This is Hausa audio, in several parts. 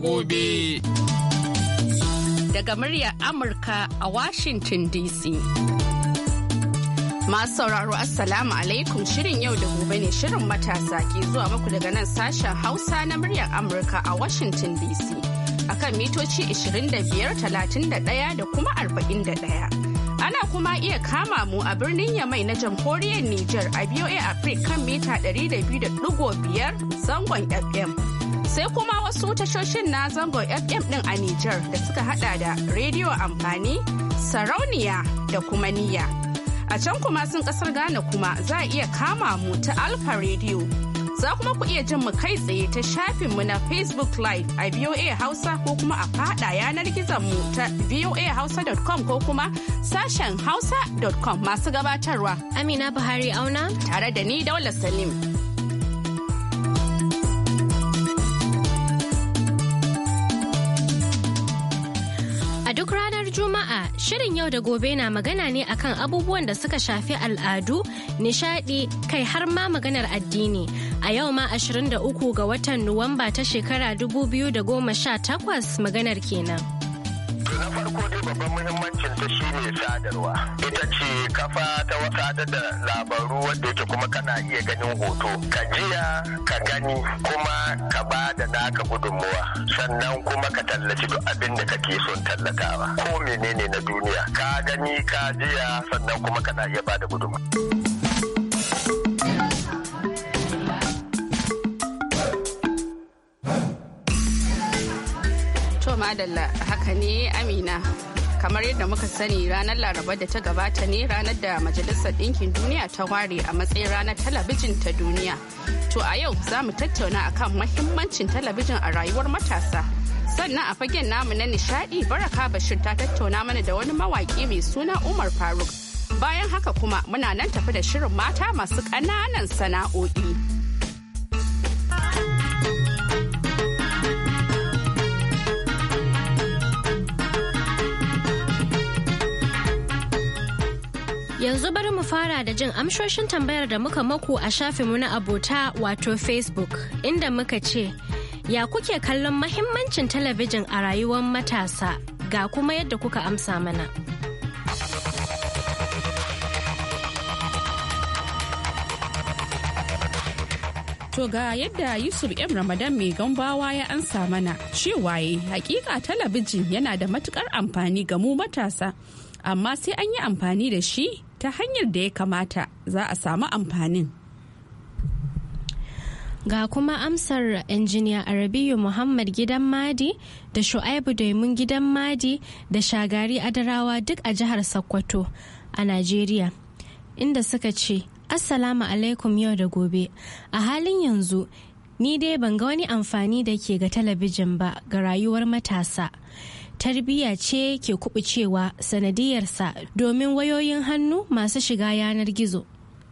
gobe. Daga muryar Amurka a Washington DC. Masu sauraro Assalamu alaikum shirin yau da gobe ne shirin matasa ke zuwa muku daga nan sashen Hausa na muryar Amurka a Washington DC. Akan mitoci 25,31 da kuma 41. Ana kuma iya kama mu a birnin Yamai na jamhuriyar Nijar a BOA Africa kan mita 200.5 zangon FM. sai kuma wasu tashoshin na Zango fm din a Nijar da suka hada da rediyo amfani sarauniya da kuma niyya a can kuma sun kasar ghana kuma za a iya kama mu ta alfa rediyo za kuma ku iya jin mu kai tsaye ta shafin mu na facebook live a voa hausa ko kuma a faɗa yanar gizon mu ta voahausa.com ko kuma sashen hausa.com masu gabatarwa amina buhari auna tare da ni daular salim Shirin yau da gobe na magana ne akan abubuwan da suka shafi al'adu, nishadi, kai har ma maganar addini. A yau ma 23 ga watan Nuwamba ta shekara 2018 maganar kenan. Na farko dai babban Shi ne sadarwa ita ce kafa ta wasa da labaru wanda yake kuma kana iya ganin hoto ka jiya ka gani kuma ka ba da naka gudunmuwa sannan kuma ka tallaci duk abin da kake son tallatawa ko menene na duniya ka gani ka jiya sannan kuma kana iya ba da gudunmuwa madalla haka ne amina kamar yadda muka sani ranar laraba da ta gabata ne ranar da majalisar ɗinkin duniya ta ware a matsayin ranar talabijin ta duniya to a yau za mu tattauna akan mahimmancin talabijin a rayuwar matasa sannan a fagen namu na nishadi baraka bashir ta tattauna mana da wani mawaƙi mai suna umar faruk bayan haka kuma muna nan tafi da shirin mata masu ƙananan sana'o'i Yanzu bari mu fara da jin amshoshin tambayar da muka maku a shafinmu na abota wato Facebook inda muka ce, Ya kuke kallon mahimmancin talabijin a rayuwar matasa ga kuma yadda kuka amsa mana. To ga yadda Yusuf M. Ramadan mai gambawa ya ansa mana cewa yi eh, hakika talabijin yana da matukar amfani ga mu matasa, amma sai an yi amfani da shi ta hanyar da ya kamata za a samu amfanin. Ga kuma amsar injiniya Arabiyu Muhammad Gidan Madi da Shu'aibu Daimun Gidan Madi da Shagari Adarawa duk a jihar Sokoto a Najeriya, inda suka ce, Assalamu alaikum yau da gobe, a halin yanzu ni dai ban ga wani amfani da ke ga talabijin ba ga rayuwar matasa. tarbiyya ce ke kubucewa sanadiyarsa domin wayoyin hannu masu shiga yanar gizo.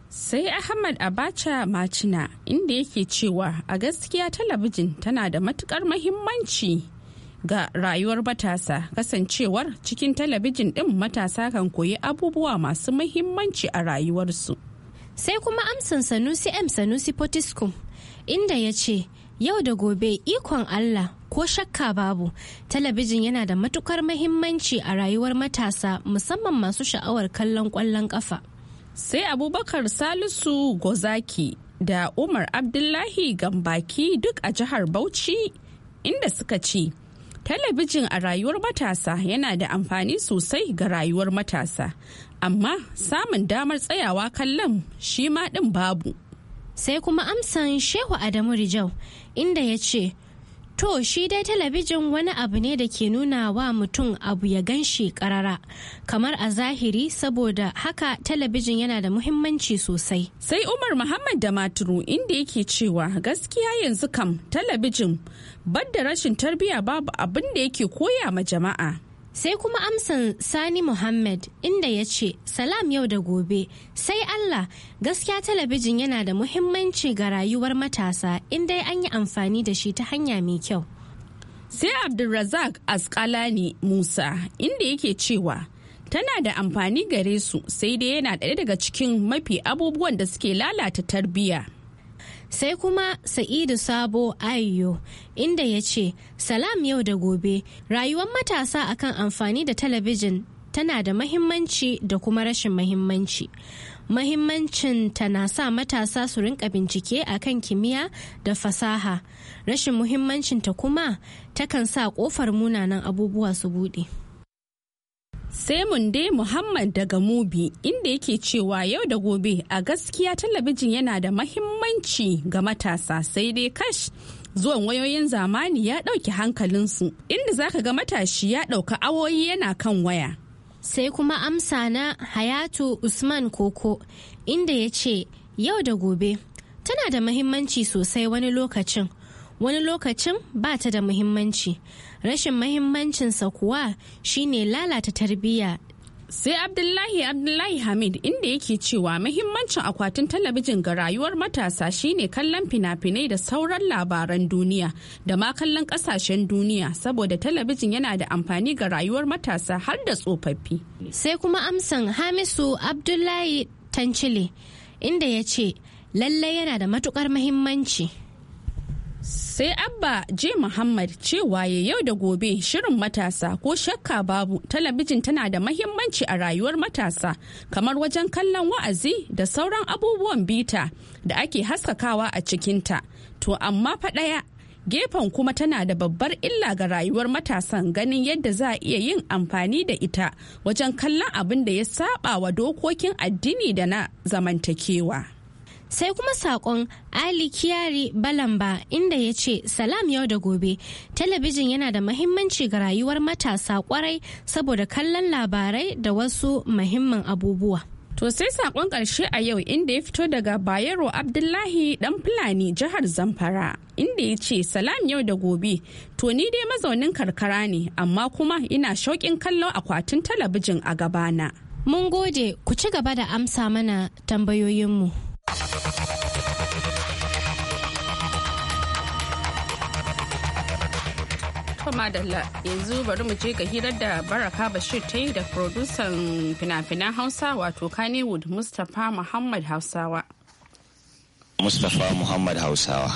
Sai Ahmad Abacha Macina inda yake cewa a gaskiya talabijin tana da matukar mahimmanci ga rayuwar matasa kasancewar cikin talabijin ɗin matasa kan koyi abubuwa masu mahimmanci a rayuwarsu. Sai kuma amsan Sanusi M Sanusi Potiskum inda ya ce yau da gobe ikon Allah ko shakka babu talabijin yana da matukar mahimmanci a rayuwar matasa musamman masu sha'awar kallon kwallon kafa sai abubakar salisu gozaki da umar abdullahi gambaki duk a jihar bauchi inda suka ce talabijin a rayuwar matasa yana da amfani sosai ga rayuwar matasa amma samun damar tsayawa kallon shi ma din babu sai kuma amsan shehu adamu rijau inda ya ce To shi dai talabijin wani abu ne da ke nuna wa mutum abu ya gan shi karara kamar a zahiri saboda haka talabijin yana da muhimmanci sosai. Sai Umar Muhammad da Maturu inda yake cewa gaskiya yanzu kam talabijin badda rashin tarbiyya babu abin da yake koya ma jama'a. Sai kuma amsan Sani Muhammad inda ya ce, Salam yau da gobe, sai Allah gaskiya talabijin yana da muhimmanci ga rayuwar matasa inda an yi amfani da shi ta hanya mai kyau. Sai Abdulrazak Askalani Musa inda yake cewa, tana da amfani gare su sai dai yana ɗaya daga cikin mafi abubuwan da suke lalata tarbiyya. sai kuma sa'idu sabo ayyo inda ya ce salam yau da gobe rayuwar matasa akan amfani da talabijin tana da mahimmanci da kuma rashin mahimmanci mahimmancin ta na sa matasa su rinka bincike akan kimiyya da fasaha rashin muhimmancinta kuma takan sa ƙofar munanan abubuwa su buɗe. sai munde muhammad daga mubi inda yake cewa yau da gobe a gaskiya talabijin yana da mahimmanci ga matasa sai dai kash zuwan wayoyin zamani ya ɗauki hankalinsu inda zaka ga matashi ya ɗauka awoyi yana kan waya sai kuma amsa na hayatu usman koko inda ya ce yau da gobe tana da mahimmanci sosai wani lokacin wani lokacin ba ta da muhimmanci rashin muhimmancinsa kuwa shine lalata tarbiyya sai abdullahi abdullahi hamid inda yake cewa muhimmancin akwatin talabijin ga rayuwar matasa shine kallon fina-finai da sauran labaran duniya da ma kallon kasashen duniya saboda talabijin yana da amfani ga rayuwar matasa har da tsofaffi sai kuma amsan hamisu abdullahi tancile inda ya ce lallai yana da matukar muhimmanci. Sai Abba J. Muhammad cewa ya yau da gobe shirin matasa ko shakka babu talabijin tana da mahimmanci a rayuwar matasa kamar wajen kallon wa'azi da sauran abubuwan bita da ake haskakawa a cikinta. To amma faɗaya gefen kuma tana da babbar illa ga rayuwar matasan ganin yadda za a iya yin amfani da ita wajen kallon abin da ya saba wa dokokin addini da na zamantakewa. sai kuma sakon ali kiyari balamba inda ya ce salam yau da gobe talabijin yana da mahimmanci ga rayuwar matasa kwarai saboda kallon labarai da wasu mahimman abubuwa To sai sakon ƙarshe a yau inda ya fito daga Bayero Abdullahi ɗan Fulani jihar Zamfara inda ya ce salam yau da gobe to ni dai mazaunin karkara ne amma kuma ina shauƙin kallon akwatin talabijin a gabana. Mun gode ku ci gaba da amsa mana tambayoyinmu. madalla yanzu bari mu je ga hirar da baraka bashir ta yi da produsan fina-finan hausa wato kanewood mustapha muhammad hausawa mustapha muhammad hausawa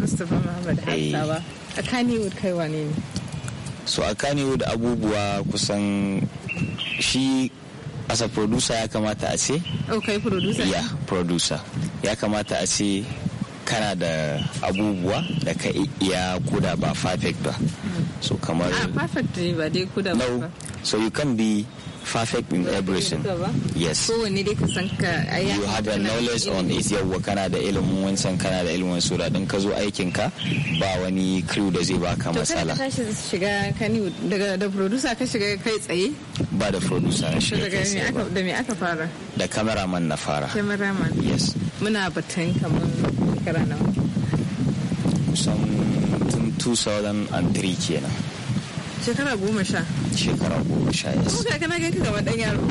mustapha muhammad eh. hausawa a kanewood kaiwa ne so a kanewood abubuwa kusan shi as a producer ya kamata a ce okay oh, producer yeah producer ya kamata a ce kana da abubuwa da ka iya kuda ba perfect ba so kamar ah, perfect ba dai kuda ba no so you can be perfect in everything. Yes. Kowanne dai ka san ka You have the knowledge on it yawwa kana da ilimin wancan kana da ilimin su da ka zo aikin ka ba wani crew da zai baka matsala. To kada tashi shiga kani daga da producer ka shiga kai tsaye? Ba da producer na shiga kai tsaye ba. Da me aka fara? Da cameraman na fara. Cameraman. Yes. Muna batun kaman shekara nawa. Kusan tun 2003 kenan. Shekara goma sha. Shekara goma sha ya su kuka kana ganka kamar ɗan yaro.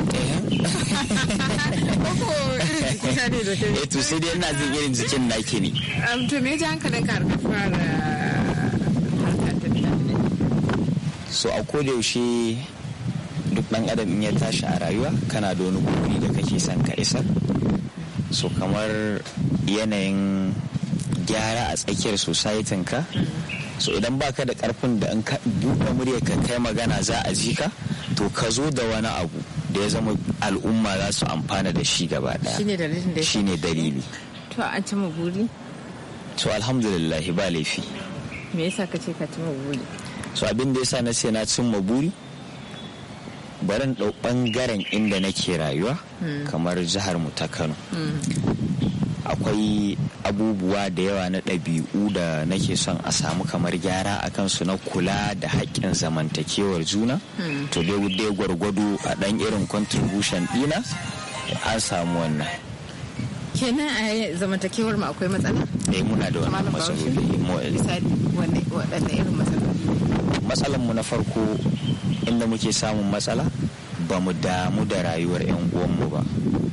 ko eh. irin jiki ka ne da kai. Eh to sai dai ina jin irin jikin na ke ne. Um, to me ji hankalin ka ka fara So a koda yaushe duk ɗan adam in ya tashi a rayuwa kana da wani guri da kake son ka isa So kamar yanayin gyara a tsakiyar societin ka. Mm -hmm. so idan baka da karfin da duka buɗe murya ka kai magana za a ji ka to ka zo da wani abu da ya zama al'umma za su amfana da shi gaba daya shine dalili to an ci buri to alhamdulillah ba laifi me yasa ka ce ka ci buri so abin da yasa na ce na cin buri barin ɗau ɓangaren inda nake rayuwa hmm. kamar jihar mu ta kano hmm. akwai abubuwa da yawa na ɗabi'u da nake son a samu kamar gyara a kansu na kula da haƙƙin zamantakewar juna hmm. to dai gwargwado a ɗan irin contribution ɗina an samu wannan kenan a zamantakewar mu akwai matsala eh muna da wannan matsaloli eh. misali waɗanne irin matsaloli matsalan mu na farko inda muke samun matsala ba mu damu da rayuwar 'yan uwanmu ba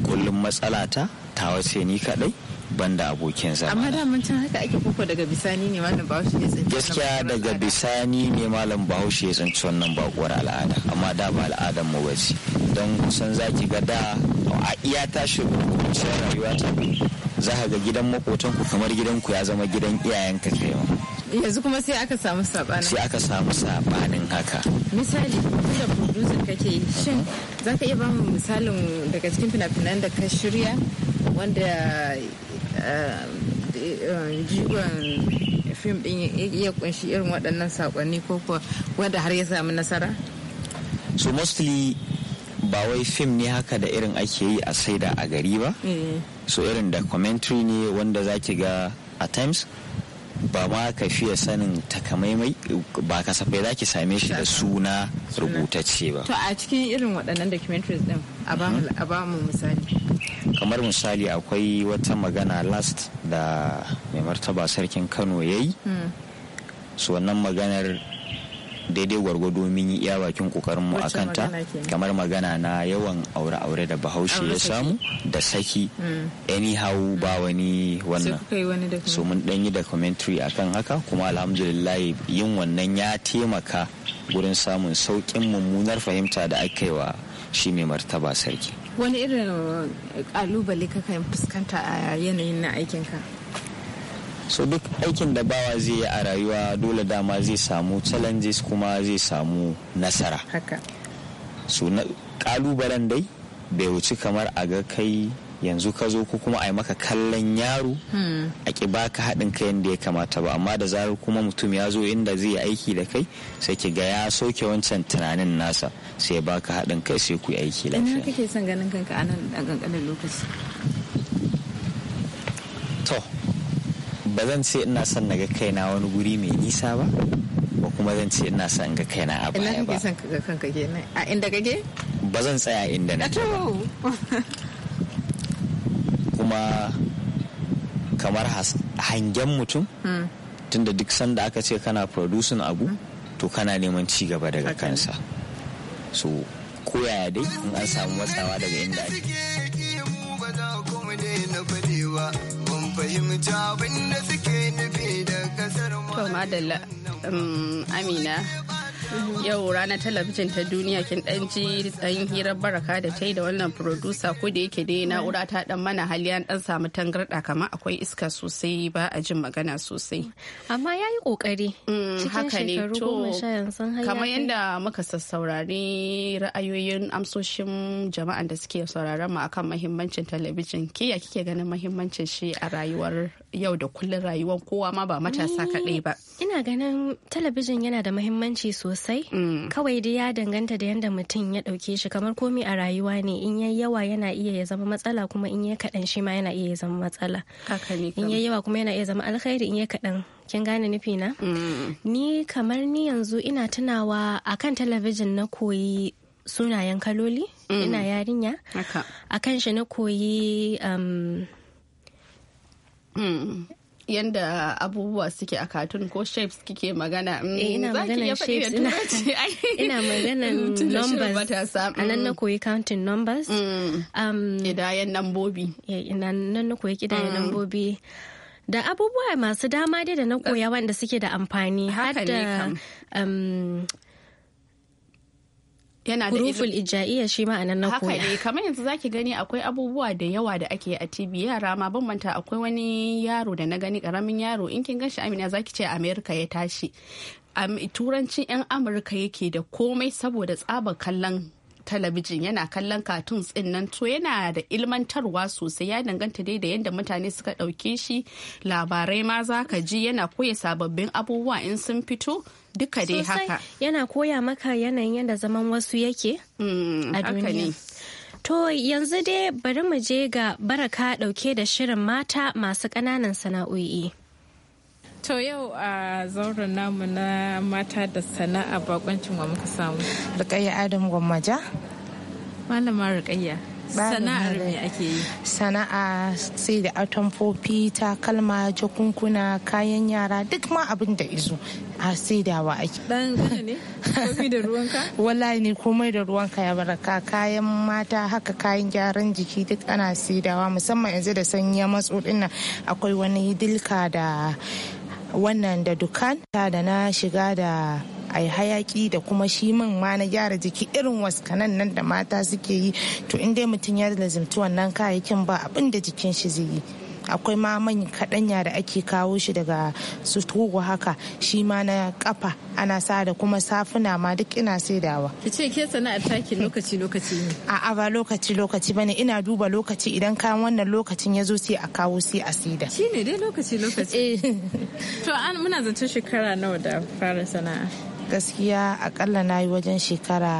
kullum matsala ta tawa sai ni kadai banda abokin zama amma da mun haka ake koko daga bisani ne malam bahaushe ya tsinci gaskiya daga bisani ne malam bahaushe ya tsinci wannan bakuwar al'ada amma da ba al'adan mu ce. don kusan zaki ga da a iya tashi kuncin rayuwa ta za ka ga gidan makotan ku kamar gidan ku ya zama gidan iyayen ka kai yanzu kuma sai aka samu sabanin sai aka samu sabanin haka misali da producer kake shin za ka iya ba mu misalin daga cikin fina-finan da ka shirya wanda eh, um, eh, jigon fim din ya kunshi irin waɗannan saƙonni ko wanda har ya samu nasara? so mostly ba wai fim ne haka da irin ake yi a saida a gari ba eh. so irin documentary ne wanda ki ga a times ba ma ka fiye sanin takamaimai ba kasafai za ki same shi da suna rubutacce ba. To a cikin irin waɗannan documentaries din a ba mu misali. kamar misali akwai wata magana last da mai martaba sarkin kano ya yi hmm. su wannan maganar daidai gwargwado mun yi iya bakin kokarin mu akan ta kamar magana na yawan aure-aure da bahaushe ya samu da saki hmm. anyhow ba wani wannan so mun dan yi documentary akan haka kuma alhamdulillah yin wannan ya taimaka gurin samun saukin mummunar fahimta da aka yi wa shi mai martaba sarki wani irin eh, kalubale kan fuskanta a yanayin na aikinka so duk aikin da bawa zai yi a rayuwa dole dama zai samu challenges kuma zai samu nasara haka so na kalubalen dai bai wuci kamar a ga kai yanzu ka zo ko kuma a yi maka kallon yaro hmm. a ki baka haɗin kai yadda ya kamata ba amma da zarar kuma mutum ya zo inda zai aiki da kai sai ki ga ya soke wancan tunanin nasa sai ya baka haɗin kai sai ku yi aiki lafiya. Ina kake son ganin kanka a nan a ƙanƙanin lokaci? To, ba zan ce ina son na ga kaina wani guri mai nisa ba, ba kuma zan ce ina son ga kaina a baya ba. Ina kake son ka ga kanka kenan a inda kake? Ba zan tsaya inda na ba. kuma kamar hangen mutum hmm. tunda duk sanda aka ce kana producing abu hmm. to kana neman ci gaba daga kansa so koyaya dai in an samu matsawa daga inda ake To madalla um, Amina yau ranar talabijin ta duniya kin dan ji tsayin hirar baraka da ta yi da wannan producer ko da yake dai na'ura ta dan mana haliyan dan samu tangarda kamar akwai iska sosai ba a jin magana sosai amma yayi kokari mm, cikin shekaru kamar yadda muka sassaurari ra'ayoyin amsoshin jama'an da suke sauraron mu akan mahimmancin talabijin ke ya kike ganin muhimmancin shi a rayuwar yau da kullun rayuwar kowa ma ba matasa kadai ba ina ganin talabijin yana da muhimmanci sosai sosai mm. kawai dai ya danganta da yadda mutum ya ɗauke shi kamar komi a rayuwa ne in yayi yawa yana iya ya zama matsala kuma in yayi kaɗan shi ma yana iya ya zama matsala in yayi yawa kuma yana iya zama alkhairi in yayi kaɗan kin gane nufi na mm. ni kamar ni yanzu ina tunawa akan talabijin na koyi sunayen kaloli mm. ina yarinya akan shi na koyi um, yanda abubuwa suke a katun ko shapes kike magana mm, eh, ina magana shapes ina magana numbers a nan mm. na koyi counting numbers mm. um, kidayen lambobi nan na koyi idayen nambobi da abubuwa masu dama dai da na koya wanda suke da amfani har da yana da huruful ijaiya shi ma anan na koya haka ne kamar yanzu zaki gani akwai abubuwa da yawa da ake a TV yara ma ban manta akwai wani yaro da na gani karamin yaro in kin shi Amina zaki ce America ya tashi turancin 'yan amurka yake da komai saboda tsaba kallon talabijin yana kallon katun tsin nan to yana da ilmantarwa sosai ya danganta dai da yadda mutane suka ɗauke shi labarai ma za ka ji yana koya sababbin abubuwa in sun fito duka dai haka yana koya maka yanayin yadda zaman wasu yake hmm, a duniya To yanzu dai bari mu je ga baraka ɗauke da shirin mata masu ƙananan sana'o'i. To yau a zauren namu na mata da sana'a bakoncin wa muka samu. Rukayya Adam Gwammaja. Malama Rukayya. Sana'ar me ake yi? Sana'a sai da atamfofi, takalma, jakunkuna, kayan yara duk ma abin da izo. a saidawa ake. Dan ne? Komai da ruwanka? Wallahi ne komai da ruwanka ya baraka kayan mata haka kayan gyaran jiki duk ana saidawa musamman yanzu da sanyi ya matso akwai wani dilka da wannan da dukan da na shiga da ai hayaki da kuma shi man ma na gyara jiki irin waskanan nan da mata suke yi to in dai mutum ya lazimci wannan kayayyakin ba abin da jikin shi zai yi akwai ma man kaɗanya da ake kawo shi daga su togo haka shi ma na kafa ana sa da kuma safuna ma duk ina saidawa ki ce ke sana'ar taki lokaci lokaci ne a ba lokaci lokaci bane ina duba lokaci idan kayan wannan lokacin ya zo sai a kawo sai a saida ne dai lokaci lokaci eh. to an muna zaton shekara nawa da fara sana'a gaskiya akalla na yi wajen shekara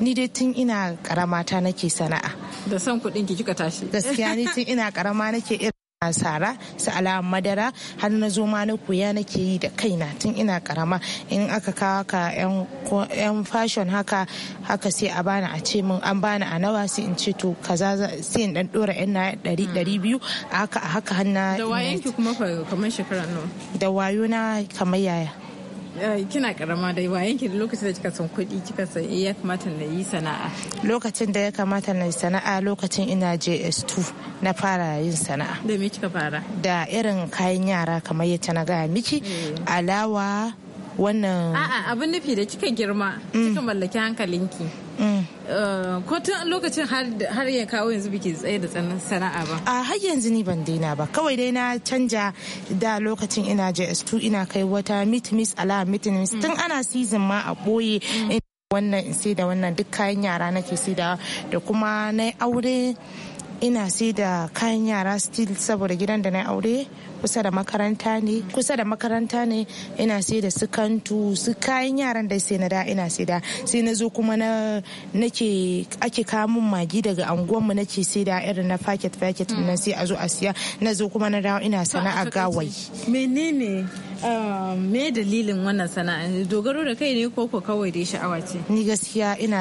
ni dai tun ina karamata nake sana'a da son kuɗin ki kika tashi gaskiya ni tun ina karama nake irin asara su alawan madara har na zo ma na koya nake yi da kaina tun ina karama in aka kawo ka yan fashion haka haka sai a bani a ce min an bani a nawa sai in ce to kaza sai in dan dora yan na ɗari ɗari biyu a haka a haka hanna da wayanki kuma kamar shekara nawa da wayo na kamar yaya Eh, kina karama da bayan ki lokacin da kika san kuɗi kika san eh, ya kamata na yi sana'a lokacin da ya kamata na yi sana'a lokacin ina JS2 na fara yin sana'a da me kika fara da irin kayan yara kamar yadda na gaya miki eh. alawa wannan a'a abin nufi da kika girma mm. kika mallaki hankalinki mm. Eh, ko tun lokacin har ya kawo yanzu biki tsaye da tsanan sana'a ba a har yanzu ni ban daina ba kawai dai na canja da lokacin ina js2 ina kai wata meet miss ala meet miss mm. tun ana season ma a boye mm. wannan in sai da wannan duk kayan yara nake sai da da kuma na aure ina sai da kayan yara still saboda gidan da na aure kusa da makaranta ne kusa da makaranta ne ina sai da su kantu su kayan yaran da sai na da ina sai da sai na zo kuma na nake ake kamun magi daga mu nake sai da irin na packet packet nan sai a zo a siya na zo kuma na dawo ina sana'a gawai menene ah, me dalilin wannan sana'a dogaro da kai ne ko ko kawai dai sha'awa ce ni gaskiya ina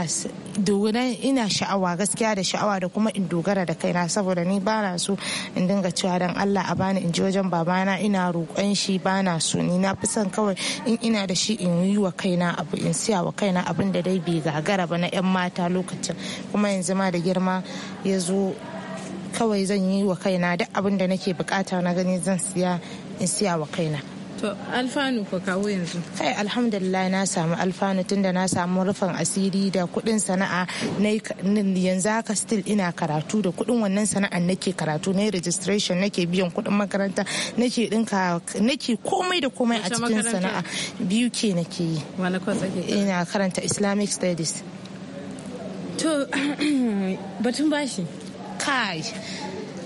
dogonan ina sha'awa gaskiya da sha'awa da kuma in dogara da kaina saboda ni ba na so in dinga cewa dan Allah a bani in je wajen babana ina roƙon shi bana so ni na fi son kawai in ina da shi in yi wa kaina abu in siya wa kaina abin da dai bai gagara ba na 'yan mata lokacin kuma yanzu ma da girma ya zo kawai zan yi wa kaina duk abin da nake bukata na gani zan siya in siya wa kaina To alfanu ko kawo yanzu? Kai eh, alhamdulillah na samu alfanu tunda na samu rufin asiri da kuɗin sana'a na yanzu haka still ina karatu da kuɗin wannan sana'a nake karatu na registration nake biyan kuɗin makaranta nake dinka nake komai da komai a cikin sana'a biyu ke nake yi. Ina karanta Islamic studies. To batun bashi. Kai.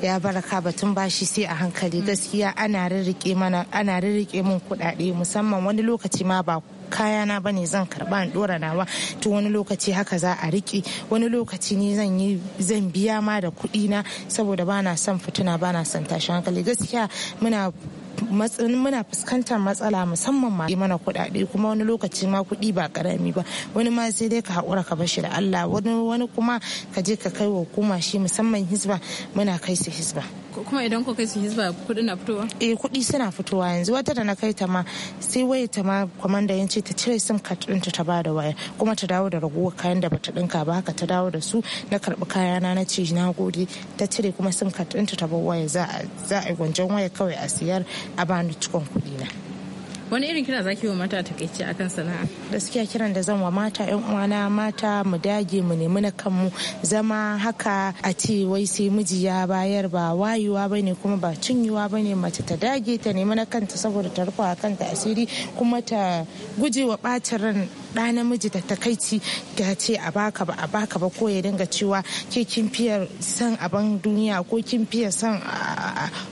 ya baraka batun bashi sai a hankali mm. gaskiya ana rirrike mana ana rirrike min kuɗaɗe musamman wani lokaci ma ba kayana ba ne zan karba in dora nawa to wani lokaci haka za a riƙe wani lokaci ne zan yi zan biya ma da kuɗi na saboda ba na son fituna ba na son tashi hankali gaskiya muna muna fuskantar matsala musamman ma mana kuɗaɗe kuma wani lokaci ma kuɗi ba karami ba wani ma sai dai ka haƙura ka bashi da Allah wani kuma ka je ka kai wa hukuma shi musamman hisba muna kai su hizba kuma idan ku kai su hizba kuɗi na fitowa eh kuɗi suna fitowa yanzu wata da na kai ta ma sai waya ta ma kwamanda ta cire sim card ɗinta ta bada waya kuma ta dawo da ragowar kayan da bata ɗinka ba haka ta dawo da su na karbi kayana na ce na gode ta cire kuma sim card ɗinta ta bar waya za a yi gwanjan waya kawai a siyar a bani cikon kuɗi na. wani irin kira zaki wa mata takaici akan sana'a gaskiya kiran da zan wa mata yan uwana mata mu dage mu nemi na kanmu zama haka a ce wai sai miji ya bayar ba wayewa bane kuma ba cinyuwa bane mace ta dage ta nemi na kanta saboda ta rufa kanta asiri kuma ta guje wa bacin ran ɗa namiji da takaici ga ce a baka ba a baka ba ko ya dinga cewa ke kin fiye son abin duniya ko kin fiye son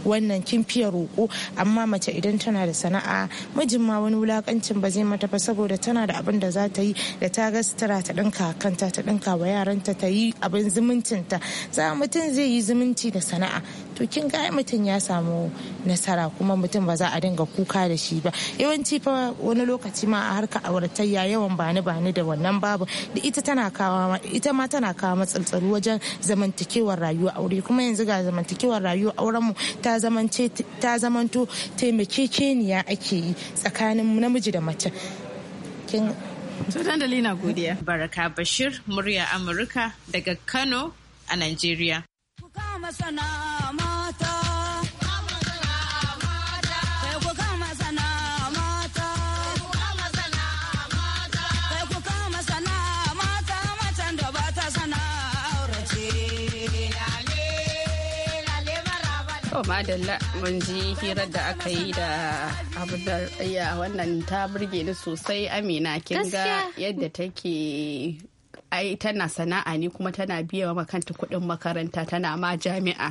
wannan kin fiye roƙo amma mace idan tana da sana'a mijin ma wani wulakancin ba zai mata ba saboda tana da abin da za ta yi da ta ga sutura ta ɗinka kanta ta ɗinka wa yaranta ta yi abin zumuncinta za mutum zai yi zumunci da sana'a to kin ga mutum ya samu nasara kuma mutum ba za a dinga kuka da shi ba yawanci fa wani lokaci ma a harka auratayya yawan bani bani da wannan babu da ita tana kawo ita ma tana kawo matsaltsalu wajen zamantakewar rayuwa aure kuma yanzu ga zamantakewar rayuwa auren mu ta zamance ta zamanto taimakekeniya ake yi tsakanin namiji da mace kin Sunan Dalina Godiya. Baraka Bashir, murya Amurka daga Kano a Najeriya. To madalla mun ji hirar da aka yi da da ya wannan ta burge ni sosai amina kin ga yadda take ai tana sana'a ne kuma tana biya wa kanta kuɗin makaranta tana ma jami'a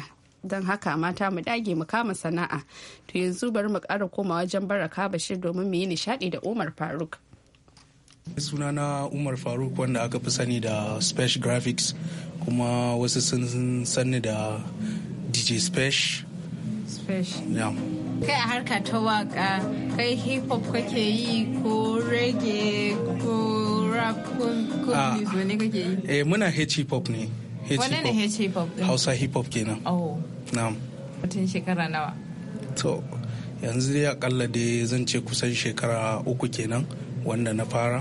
don haka mata mu dage mu kama sana'a to yanzu bari mu ƙara koma wajen baraka bashir domin mu yi nishaɗi da umar faruk sunana umar faruk wanda aka fi sani da special graphics kuma wasu sun sani da dj special fresh kai a harka ta waka kai hip hop kake yi ko reggae ko rap ko blues ah. ne kake yi eh muna hip hop ne wannan ne hip hop hausa hip hop kenan oh na'am Mutum shekara nawa to yanzu ya kalla dai zan ce kusan shekara uku kenan wanda na fara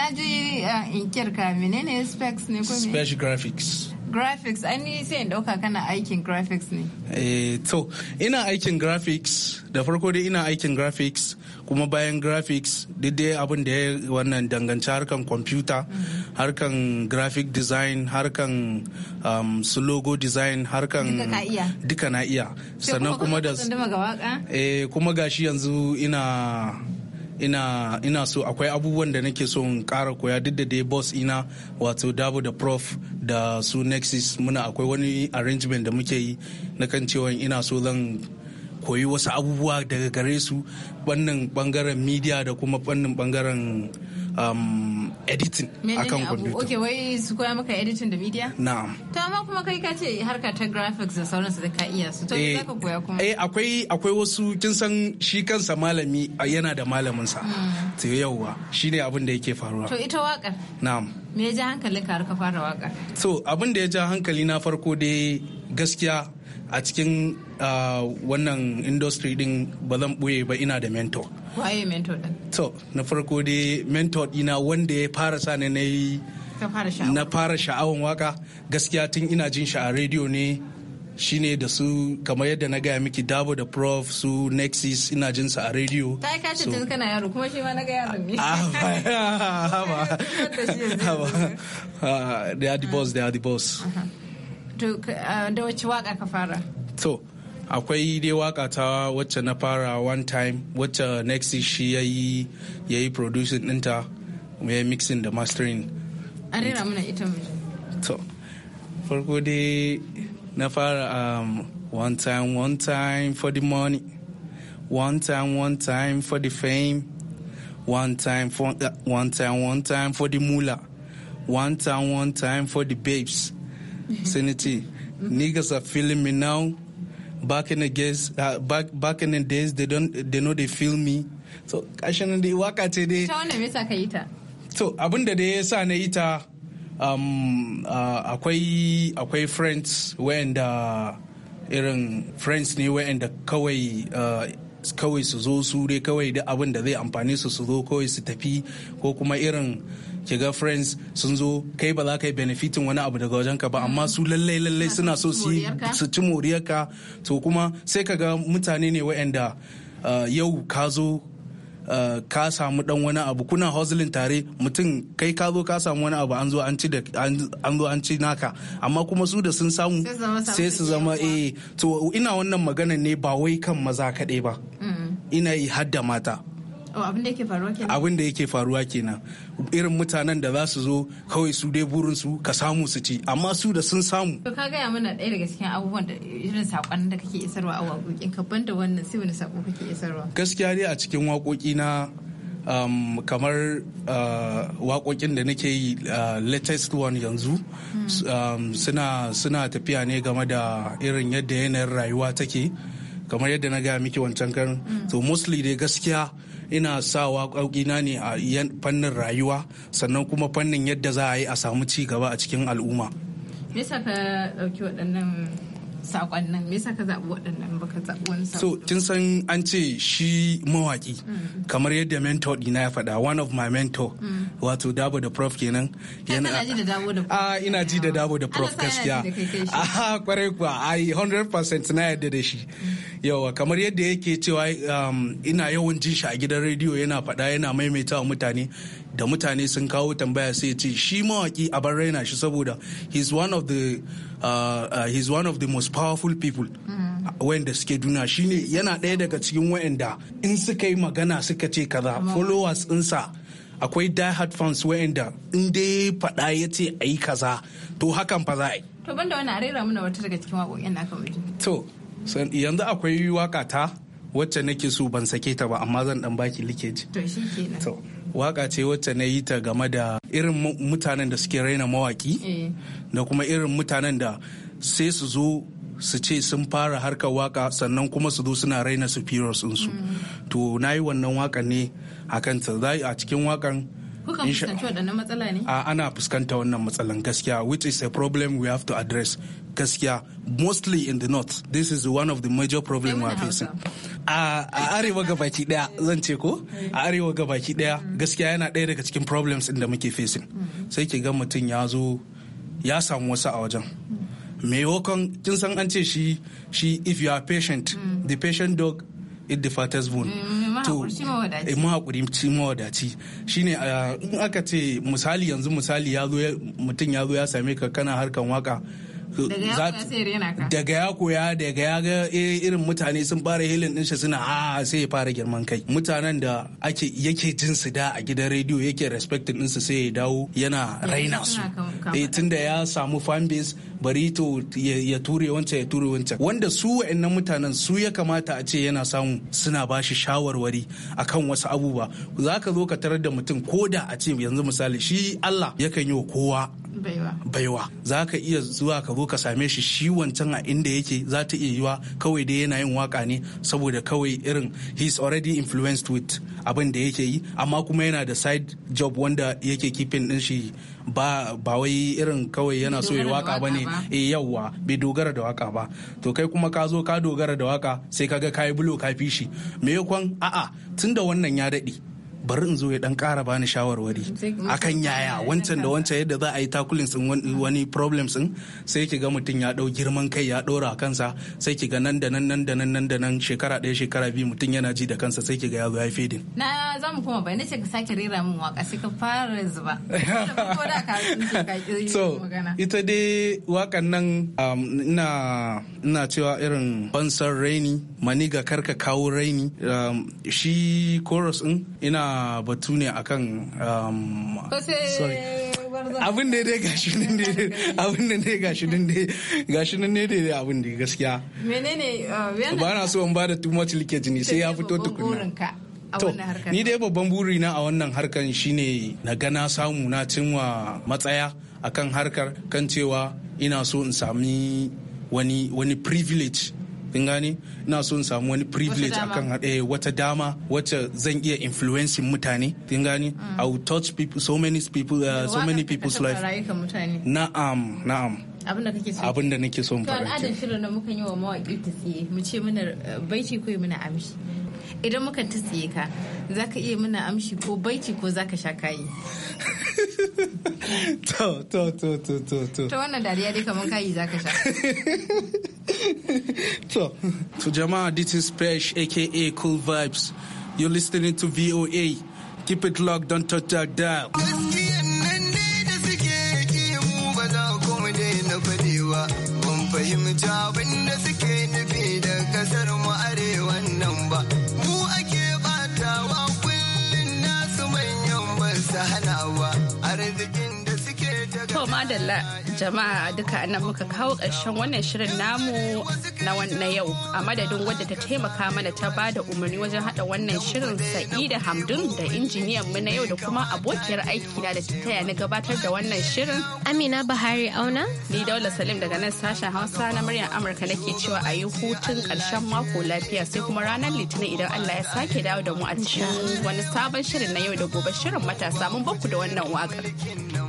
na ji eh, in kirka menene specs ne ko Special graphics graphics an yi sai in dauka kana aikin graphics ne eh to ina aikin graphics da farko dai ina aikin graphics kuma bayan graphics daidai abin da ya wannan danganci harkan computer mm-hmm. harkan graphic design harkan um, su logo design harkan duka na iya sannan kuma da eh kuma gashi yanzu ina ina ina so akwai abubuwan da nake so in kara koya duk da dai boss ina wato dabo da prof da su nexus muna akwai wani arrangement da muke yi na kan cewa ina so zan koyi wasu abubuwa daga gare su bannin bangaren media da kuma bannin bangaren um, editing kan computer okay wai su koya maka editing da media na'am to amma kuma kai ka ce harka ta graphics da sauransu da ka iya su to eh, za ka koya kuma eh akwai wasu kin san shi kansa malami yana da malaminsa. sa hmm. to yauwa shine abin da yake faruwa to ita wakar na'am me ya ja hankalin ka har ka fara wakar? to abin da ya ja hankali na farko dai gaskiya a cikin wannan industry din ba zan ɓoye ba ina da mentor waye mentor din to na farko dai mentor dina wanda ya fara sa ne na yi na fara sha'awan waka gaskiya tun ina jin shi a rediyo ne shine da su kamar yadda na gaya miki dabo da prof su nexus ina jin su a rediyo ta yi kashi tun kana yaro kuma shi ma na ga yaron ne ah, haba ah, they are the boss they are the boss uh-huh. to uh, da wacce waka ka fara to akwai dai waka ta wacce na fara one time wacce next shi ya yi ya yi producing dinta ya mixing da mastering an rera mana ita to farko dai na fara um, one time one time for the money one time one time for the fame one time for uh, one time one time for the mula one time one time for the babes sanity niggas are feeling me now back in the guys uh, back back in the days they don't they know they feel me so kashin dai waka ce dai ta wanda me sa ka yi ta to abin da dai yasa na yi ta um, uh, akwai akwai friends wayanda irin friends ne wayanda kawai uh, kawai su zo su dai kawai da abin da zai amfani su su zo kawai su tafi ko kuma irin ki ga friends sun zo kai ba za ka yi benefitin wani abu daga wajen ka ba amma su lallai lallai suna so su ci moriyarka to kuma sai ka ga mutane ne waɗanda uh, yau ka zo uh, ka samu dan wani abu kuna hustling tare mutum kai ka zo ka samu wani abu an zo an ci an zo an ci naka amma kuma su da sun samu sai su zama eh to ina wannan magana ne ba wai kan maza kaɗai ba mm. ina yi hadda mata Oh, abin da yake faruwa kenan abin da yake faruwa kenan irin mutanen da za su zo kawai su dai burin su ka samu su ci amma su da sun samu to ka gaya mana ɗaya daga cikin abubuwan da irin sakon da kake isarwa a waƙoƙin ka banda wannan sai wani sako kake isarwa gaskiya dai a cikin waƙoƙi na um, kamar uh, waƙoƙin da nake yi uh, latest one yanzu hmm. um, suna, suna tafiya ne game da irin yadda yanayin rayuwa take kamar yadda na gaya miki wancan kan hmm. to mostly dai gaskiya ina sa waƙoƙina ne a fannin rayuwa sannan kuma fannin yadda za a yi a samu ci gaba a cikin al'umma. Me ɗauki waɗannan sakonnin me yasa ka zaɓi waɗannan ba ka zaɓi wani so kin san an ce shi mawaki mm. kamar yadda mentor dina ya faɗa one of my mentor mm. wato dabo da prof kenan yana ah ina ji da dabo da prof gaskiya ah kwarai kuwa ai 100% na yadda da shi mm. yawa kamar yadda yake cewa um, ina yawan jin shi a gidan rediyo yana faɗa yana maimaita mutane da mutane sun kawo tambaya sai ce shi mawaki a bar raina shi saboda he's one of the uh, uh, he's one of the most powerful people wayanda suke duna shine yana ɗaya daga cikin wayanda in suka yi magana suka ce kaza followers insa akwai die hard fans wayanda in dai faɗa ya ce a yi kaza to hakan fa za a yi to banda wani a rera mana wata daga cikin waƙoƙin da wajen to yanzu akwai waƙa ta wacce nake so ban sake ta ba amma zan dan baki likeji to shi kenan waka ce wacce na yi ta game da irin mutanen da suke raina mawaki eh. da kuma irin mutanen da sai su zo su ce sun fara harkar waka sannan kuma su zo suna raina superiors su mm. to na yi wannan wakan ne a kanta a cikin wakan kuka fuskanci waɗannan matsala ne a ana fuskanta wannan matsalan gaskiya which is a problem we have to address gaskiya mostly in the north this is one of the major problem we are facing a arewa gabaki daya zan ce ko a arewa gabaki daya gaskiya yana ɗaya daga cikin problems inda muke facing sai ki ga mutum ya zo ya samu wasu a wajen maimakon kin san an ce shi shi if you are patient the patient dog iddifatas bun mm, mm, to eh, mahaƙurci mawadaci shine ah, in aka ce misali yanzu misali ya mutum ya ya same ka kana harkan waka daga ya koya daga ya ga eh, irin mutane sun fara helin din shi suna a sai ya fara girman kai mutanen da ake yake jin su da a gidan rediyo yake respect din sai ya dawo yana raina su eh tunda ya samu fan base bari to ya ture wancan ya ture wancan wanda su wa'annan mutanen su ya kamata a ce yana samu suna ba shi shawarwari akan wasu abubuwa za ka zo ka tarar da mutum ko da a ce yanzu misali shi Allah yakan yi wa kowa baiwa za ka iya zuwa ka zo ka same shi shi wancan a inda yake za ta iya yiwa kawai dai yana yin waka ne saboda kawai irin he's already influenced with abin da yake yi amma kuma yana da side job wanda yake kifin din shi ba ba wai irin kawai yana so ya waka ba ne eh yawwa bai dogara da waka ba to kai kuma ka zo ka dogara da waka sai kaga kai bulo ka fi shi me kwan a'a tunda wannan ya daɗe bari in zo ya dan kara bani shawarwari akan yaya wancan da wancan yadda za a yi takulin sun wani problems din sai ki ga mutum ya dau girman kai ya dora kansa sai ki ga nan da nan nan da nan nan da nan shekara ɗaya shekara biyu mutum yana ji da kansa sai ki ga ya zo ya din na za mu koma bai ce ka sake rera min waka sai ka fara zuba so ita dai wakan nan um, ina ina cewa irin ban san raini maniga karka kawo raini um, shi chorus din ina batu ne akan um, abin da dai gashi nan ne abin da dai gashi nan ne gashi nan ne dai abin da gaskiya menene uh, ba na so in ba da too much leakage ne sai ya fito tukunna To, ni dai babban burina a wannan harkar shine na gana samu na cinwa matsaya akan harkar kan cewa ina so in sami wani, wani privilege kin gane ina so in samu wani privilege akan eh, wata dama wacce zan iya influencing mutane kin gane mm. i will touch people so many people uh, so many people's life na'am na'am abin da kake so abin da nake so mu fara al'adar shirin da muka yi wa mawaƙi ta tsiye mu ce muna uh, baiti ko muna amshi idan muka ta tsiye ka za ka iya muna amshi ko baiti ko za ka sha kayi to to to to to to wannan dariya dai kamar kayi za ka sha to, to jama'a, this is Pesh, aka Cool Vibes. You're listening to VOA. Keep it locked, don't touch that dial. fahimci abin da suke nufi da kasar mu arewan nan ba mu ake batawa kullum nasu manyan ba su hana ba arzikin da suke ta jama'a duka nan muka kawo karshen wannan shirin namu na wannan yau a madadin wadda ta taimaka mana ta ba da umarni wajen hada wannan shirin sa'ida hamdun da injiniyan mu na yau da kuma abokiyar aiki na da ta taya na gabatar da wannan shirin amina bahari auna ni daula salim daga nan sashen hausa na muryar amurka nake cewa a yi hutun ƙarshen mako lafiya sai kuma ranar litinin idan allah ya sake dawo da mu a cikin wani sabon shirin na yau da gobe shirin matasa mun bakku da wannan waƙar.